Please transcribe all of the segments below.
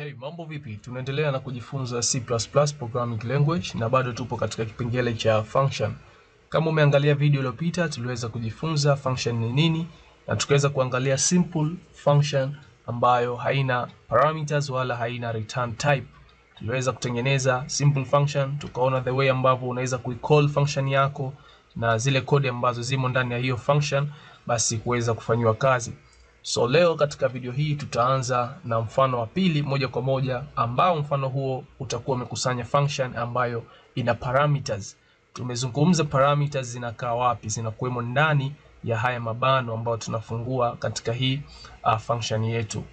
Hey, mambo vipi? Tunaendelea na kujifunza C++ programming language na bado tupo katika kipengele cha function. Kama umeangalia video iliyopita, tuliweza kujifunza function ni nini na tukaweza kuangalia simple function ambayo haina parameters wala haina return type. Tuliweza kutengeneza simple function, tukaona the way ambavyo unaweza kuicall function yako na zile kodi ambazo zimo ndani ya hiyo function basi kuweza kufanyiwa kazi. So leo katika video hii tutaanza na mfano wa pili moja kwa moja, ambao mfano huo utakuwa umekusanya function ambayo ina parameters. Tumezungumza parameters zinakaa wapi, zinakuwemo ndani ya haya mabano ambayo tunafungua katika hii uh, function yetu,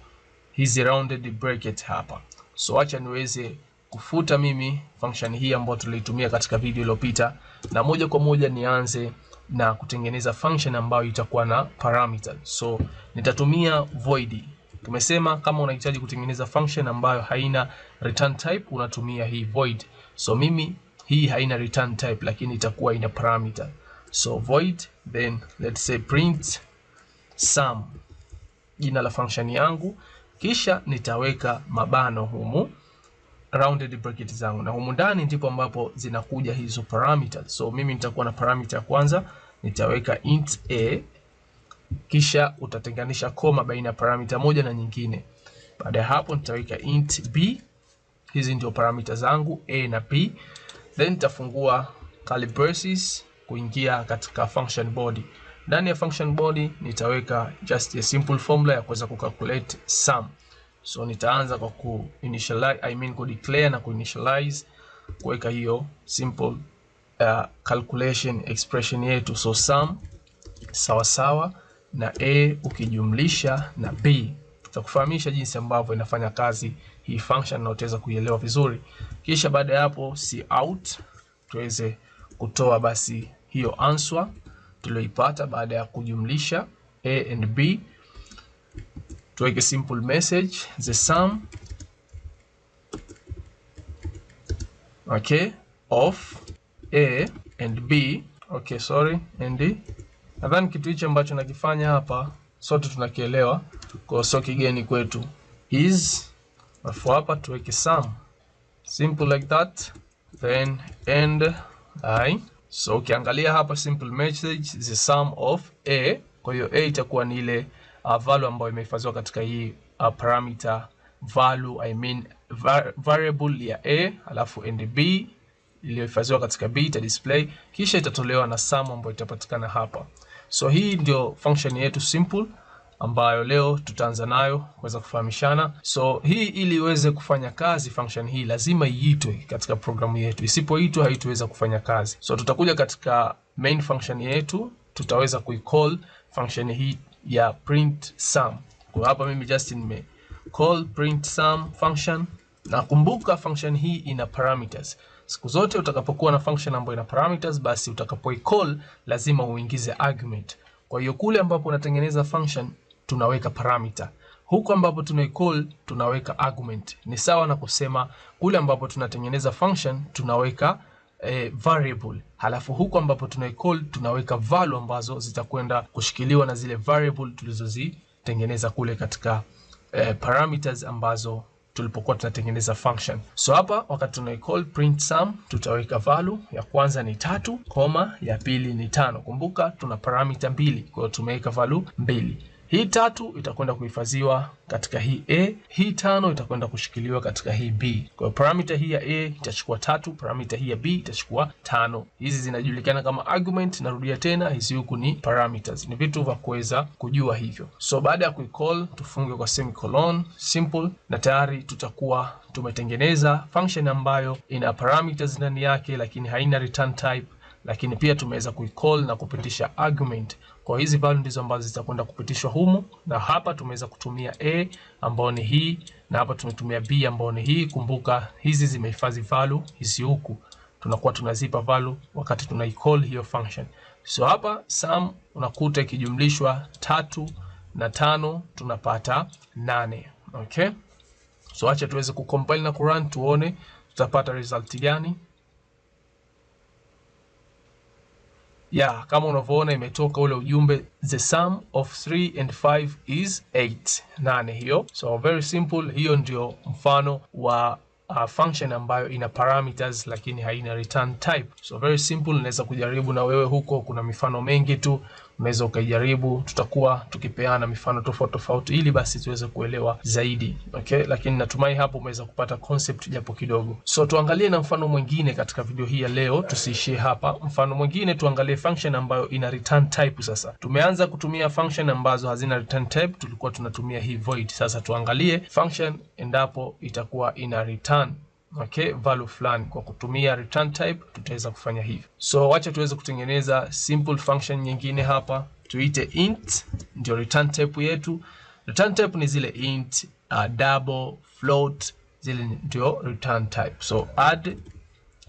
hizi rounded bracket hapa. So acha niweze kufuta mimi function hii ambayo tulitumia katika video iliyopita, na moja kwa moja nianze na kutengeneza function ambayo itakuwa na parameter. So nitatumia void. Tumesema kama unahitaji kutengeneza function ambayo haina return type unatumia hii void. So mimi hii haina return type lakini itakuwa ina parameter. So void then let's say print sum, jina la function yangu, kisha nitaweka mabano humu rounded bracket zangu, na humu ndani ndipo ambapo zinakuja hizo parameters. So mimi nitakuwa na parameter ya kwanza nitaweka int a, kisha utatenganisha koma baina ya parameter moja na nyingine. Baada ya hapo nitaweka int b, hizi ndio parameter zangu a na b, then nitafungua curly braces kuingia katika function body. Ndani ya function body nitaweka just a simple formula ya kuweza kucalculate sum. So nitaanza kwa ku initialize, I mean ku declare na ku initialize kuweka hiyo simple uh, calculation expression yetu. So sum sawa sawa na a ukijumlisha na b. Tutakufahamisha jinsi ambavyo inafanya kazi hii function na utaweza kuielewa vizuri. Kisha baada ya hapo si out tuweze kutoa basi hiyo answer tulioipata baada ya kujumlisha a and b to a simple message the sum okay of a and b okay, sorry and nadhani kitu hicho ambacho nakifanya hapa sote tunakielewa, kwa sio kigeni kwetu is, alafu hapa tuweke sum simple like that then and i. So ukiangalia hapa simple message the sum of a, kwa hiyo a itakuwa ni ile uh, value ambayo imehifadhiwa katika hii uh, parameter value I mean var variable ya a alafu and b iliyohifadhiwa katika b ita display kisha itatolewa na sum ambayo itapatikana hapa. So hii ndio function yetu simple ambayo leo tutaanza nayo kuweza kufahamishana. So hii ili iweze kufanya kazi function hii lazima iitwe katika programu yetu, isipoitwa haitoweza kufanya kazi. So tutakuja katika main function yetu tutaweza kuicall function hii ya print sum. Kwa hapa mimi just nime call print sum function, na kumbuka function hii ina parameters. Siku zote utakapokuwa na function ambayo ina parameters, basi utakapoi-call lazima uingize argument. Kwa hiyo kule ambapo unatengeneza function tunaweka parameter huko ambapo call tunaweka argument. Ni sawa na kusema kule ambapo tunatengeneza function tunaweka eh, variable halafu huko ambapo tuna call tunaweka value ambazo zitakwenda kushikiliwa na zile variable tulizozitengeneza kule katika eh, parameters ambazo tulipokuwa tunatengeneza function. So hapa wakati tuna call print sum tutaweka value ya kwanza ni tatu, koma ya pili ni tano. Kumbuka tuna parameter mbili, kwa hiyo tumeweka value mbili. Hii tatu itakwenda kuhifadhiwa katika hii a, hii tano itakwenda kushikiliwa katika hii b. Kwa hiyo parameter hii ya a itachukua tatu, parameter hii ya b itachukua tano. Hizi zinajulikana kama argument. Narudia tena, hizi huku ni parameters, ni vitu vya kuweza kujua hivyo. So baada ya kuicall tufunge kwa semicolon simple, na tayari tutakuwa tumetengeneza function ambayo ina parameters ndani yake, lakini haina return type lakini pia tumeweza kuicall na kupitisha argument. Kwa hizi value ndizo ambazo zitakwenda kupitishwa humu, na hapa tumeweza kutumia a ambayo ni hii, na hapa tumetumia b ambayo ni hii. Kumbuka hizi zimehifadhi value hizi, huku tunakuwa tunazipa value wakati tunaicall hiyo function. So hapa sum unakuta ikijumlishwa tatu na tano tunapata nane. Okay, so acha tuweze kucompile na kurun tuone tutapata result gani. yeah, kama unavyoona imetoka ule ujumbe the sum of 3 and 5 is 8, nane hiyo. So very simple, hiyo ndio mfano wa uh, function ambayo ina parameters lakini haina return type. So very simple, unaweza kujaribu na wewe huko, kuna mifano mengi tu unaweza ukaijaribu. Tutakuwa tukipeana mifano tofauti tofauti ili basi tuweze kuelewa zaidi okay. Lakini natumai hapo umeweza kupata concept japo kidogo. So tuangalie na mfano mwingine katika video hii ya leo, tusiishie hapa. Mfano mwingine tuangalie function ambayo ina return type. Sasa tumeanza kutumia function ambazo hazina return type, tulikuwa tunatumia hii void. Sasa tuangalie function endapo itakuwa ina return okay, value fulani kwa kutumia return type tutaweza kufanya hivyo. So wacha tuweze kutengeneza simple function nyingine hapa, tuite int, ndio return type yetu. Return type ni zile int, uh, double, float, zile ndio return type. So add,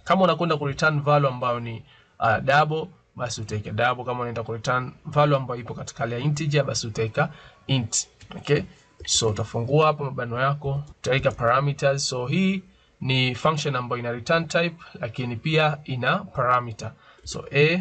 kama unakwenda ku return value ambayo ni uh, double basi utaika double. Kama unaenda ku return value ambayo ipo katika ya integer basi utaika int. Okay, so utafungua hapa mabano yako, utaweka parameters. So hii ni function ambayo ina return type, lakini pia ina parameter. So a,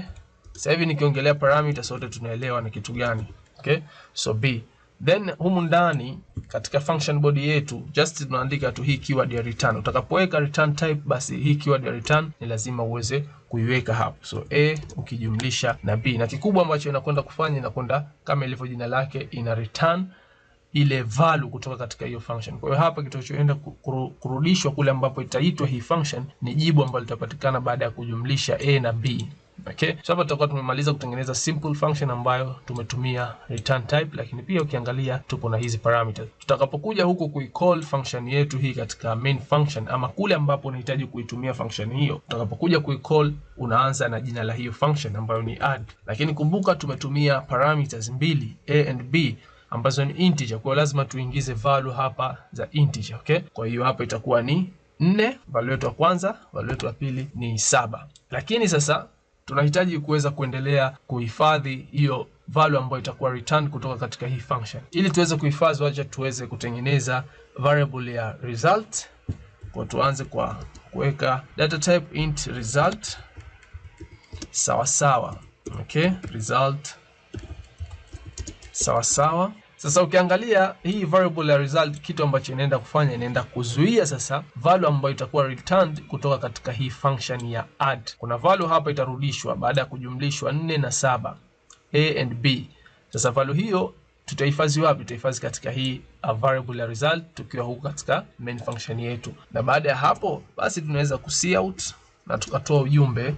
sasa hivi nikiongelea parameter sote tunaelewa ni kitu gani. Okay? So b then humu ndani katika function body yetu just tunaandika tu hii keyword ya return. Utakapoweka return type, basi hii keyword ya return ni lazima uweze kuiweka hapo. So a ukijumlisha na b, na kikubwa ambacho inakwenda kufanya inakwenda kama ilivyo jina lake, ina return ile value kutoka katika hiyo function. Kwa hiyo hapa kitachoenda kurudishwa kule ambapo itaitwa hii function ni jibu ambalo litapatikana baada ya kujumlisha a na b. Okay. So hapa tutakuwa tumemaliza kutengeneza simple function ambayo tumetumia return type, lakini pia ukiangalia tupo na hizi parameters. Tutakapokuja huku kuicall function yetu hii katika main function ama kule ambapo unahitaji kuitumia function hiyo, utakapokuja kuicall unaanza na jina la hiyo function ambayo ni add, lakini kumbuka tumetumia parameters mbili a and b ambazo ni integer, kwa lazima tuingize value hapa za integer, okay? Kwa hiyo hapa itakuwa ni nne, value yetu ya kwanza, value yetu ya pili ni saba, lakini sasa tunahitaji kuweza kuendelea kuhifadhi hiyo value ambayo itakuwa return kutoka katika hii function. Ili tuweze kuhifadhi, wacha tuweze kutengeneza variable ya result. Kwa tuanze kwa kuweka data type int result sawa sawa, okay, result Sawa sawa. Sasa ukiangalia hii variable ya result, kitu ambacho inaenda kufanya inaenda kuzuia sasa value ambayo itakuwa returned kutoka katika hii function ya add. Kuna value hapa itarudishwa baada ya kujumlishwa 4 na 7 a and b. Sasa value hiyo tutahifadhi wapi? Tutahifadhi katika hii a uh, variable ya result, tukiwa huko katika main function yetu, na baada ya hapo basi tunaweza ku see out na tukatoa ujumbe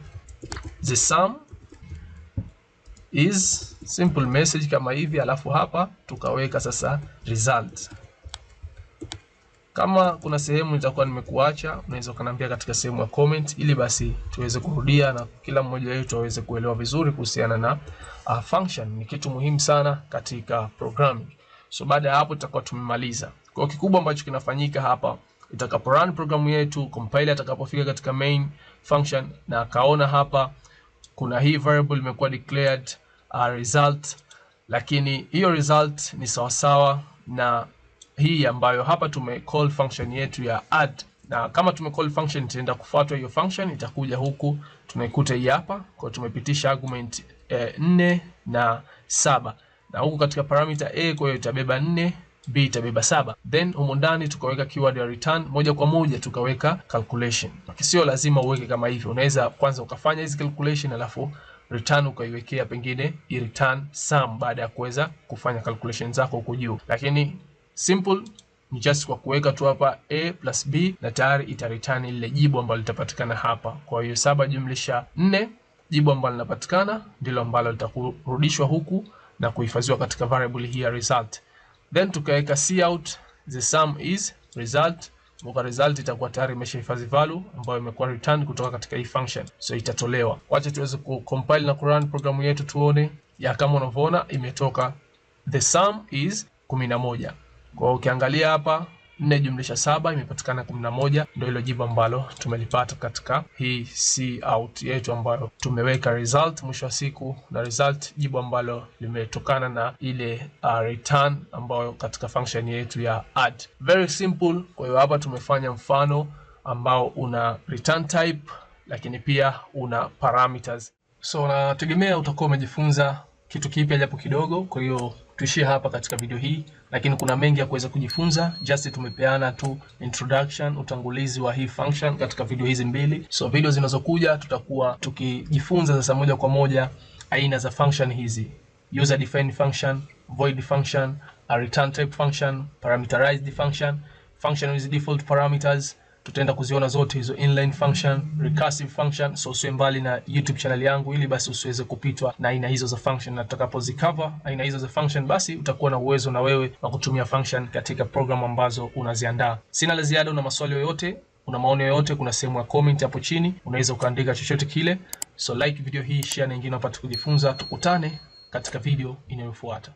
the sum is simple message kama hivi, alafu hapa tukaweka sasa result. Kama kuna sehemu nitakuwa nimekuacha, unaweza ukaniambia katika sehemu ya comment, ili basi tuweze kurudia na kila mmoja wetu aweze kuelewa vizuri kuhusiana na uh, function. Ni kitu muhimu sana katika programming. So baada ya hapo tutakuwa tumemaliza. Kwa kikubwa ambacho kinafanyika hapa, itakapo run programu yetu, compiler atakapofika katika main function na akaona hapa kuna hii variable imekuwa declared uh, result, lakini hiyo result ni sawasawa na hii ambayo hapa call function yetu ya add, na kama call function itaenda kufuatwa hiyo function itakuja huku tunaikuta hii hapa kwa tumepitisha argument 4 eh, nne na saba na huku katika parameter a, kwa hiyo itabeba 4 b itabeba saba, then humo ndani tukaweka keyword ya return moja kwa moja tukaweka calculation. Sio lazima uweke kama hivyo, unaweza kwanza ukafanya hizi calculation alafu return ukaiwekea pengine i return sum baada ya kuweza kufanya calculation zako huko juu, lakini simple ni just kwa kuweka tu hapa a plus b na tayari ita return lile jibu ambalo litapatikana hapa. Kwa hiyo saba jumlisha nne, jibu ambalo linapatikana ndilo ambalo litakurudishwa huku na kuhifadhiwa katika variable hii ya result then tukaweka c out the sum is result Mboka result itakuwa tayari imeshahifadhi value ambayo imekuwa return kutoka katika hii function, so itatolewa. Wacha tuweze compile na kurun programu yetu tuone. Ya kama unavyoona imetoka the sum is 11. Kwa ukiangalia hapa nne jumlisha saba imepatikana kumi na moja ndio hilo jibu ambalo tumelipata katika hii C out yetu ambayo tumeweka result mwisho wa siku, na result jibu ambalo limetokana na ile uh, return ambayo katika function yetu ya add. Very simple. Kwa hiyo hapa tumefanya mfano ambao una return type lakini pia una parameters. So nategemea utakuwa umejifunza kitu kipya japo kidogo, kwa hiyo tuishie hapa katika video hii, lakini kuna mengi ya kuweza kujifunza. Just tumepeana tu introduction, utangulizi wa hii function katika video hizi mbili. So video zinazokuja tutakuwa tukijifunza sasa moja kwa moja aina za function hizi, user defined function, void function, a return type function, parameterized function, function with default parameters tutaenda kuziona zote hizo inline function, recursive function, so usiwe mbali na YouTube channel yangu ili basi usiweze kupitwa na aina hizo za function, na tutakapozicover aina hizo za function, basi utakuwa na uwezo na wewe wa kutumia function katika program ambazo unaziandaa. Sina la ziada. Una maswali yoyote, una maoni yoyote, kuna sehemu ya comment hapo chini, unaweza ukaandika chochote kile. So like video hii, share na wengine wapate kujifunza. Tukutane katika video inayofuata.